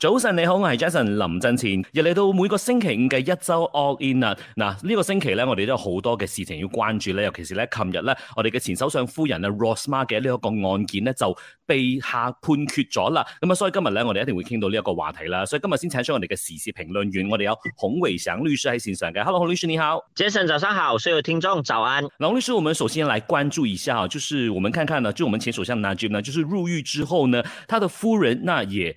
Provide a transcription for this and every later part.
早晨你好，我是 Jason 林振前，又嚟到每個星期五嘅一周 all in 啦。嗱、這、呢個星期呢，我哋都有好多嘅事情要關注，尤其是呢，琴日呢，我哋嘅前首相夫人 Rosmah 嘅呢一個案件呢，就被下判決咗啦。咁所以今日呢，我哋一定會傾到呢個話題啦。所以今日先請出我哋嘅時事評論員，我哋有孔偉祥律師喺線上嘅。Hello，孔律師你好。Jason 早上好，所有聽眾早安。孔律師，我們首先嚟關注一下，就是我們看看呢，就是、我們前首相 Najib 呢，就是入獄之後呢，他的夫人那也。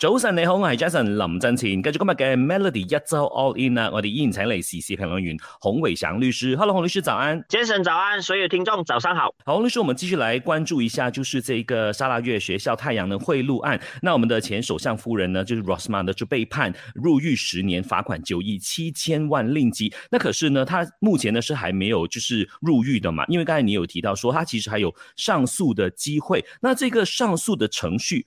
早晨，你好，我是 Jason。林振晴，繼續今日嘅 Melody 一周 All In 啦、啊。我哋依然請嚟時事評論員洪偉祥律師。Hello，洪律師，早安。Jason，早安。所有聽眾，早上好。好，洪律師，我們繼續來關注一下，就是這個砂拉越學校太陽能賄賂案。那我們的前首相夫人呢，就是 Rosmah 呢，就被判入獄十年，罰款九億七千萬令吉。那可是呢，他目前呢是還沒有就是入獄的嘛？因為剛才你有提到說，他其實還有上訴的機會。那這個上訴的程序？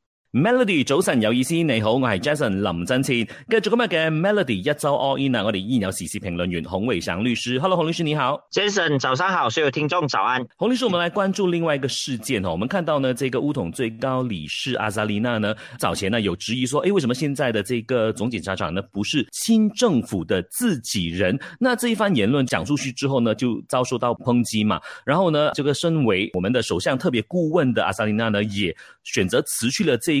Melody 早晨有意思，你好，我係 Jason 林振前，繼續今日嘅 Melody 一周 all in 啊，我哋依然有時事評論員洪偉祥律師，Hello，洪律師你好，Jason 早上好，所有聽眾早安，洪律師，我們來關注另外一個事件哦，我們看到呢，這個巫統最高理事阿薩莉娜呢，早前呢有質疑說，誒，為什麼現在的這個總檢察長呢，不是親政府的自己人？那這一番言論講出去之後呢，就遭受到抨擊嘛，然後呢，這個身為我們的首相特別顧問的阿薩莉娜呢，也選擇辭去了這。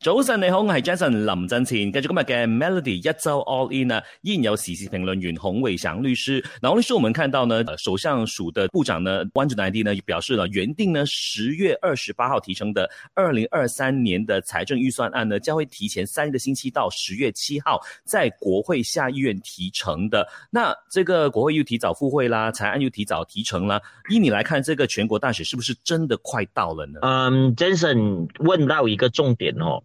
周三你好，我係 Jason 林振前，繼續今日嘅 Melody 一周 All In 呢，印有時事評論員洪偉祥律師。然後律師，我們看到呢，首相署的部長呢，Wan Junaidi 呢，表示了原定呢十月二十八號提呈的二零二三年的財政預算案呢，將會提前三個星期到十月七號在國會下議院提呈的。那這個國會又提早復會啦，草案又提早提呈啦，依你來看，這個全國大選是不是真的快到了呢？嗯，Jason 問到一個重點哦。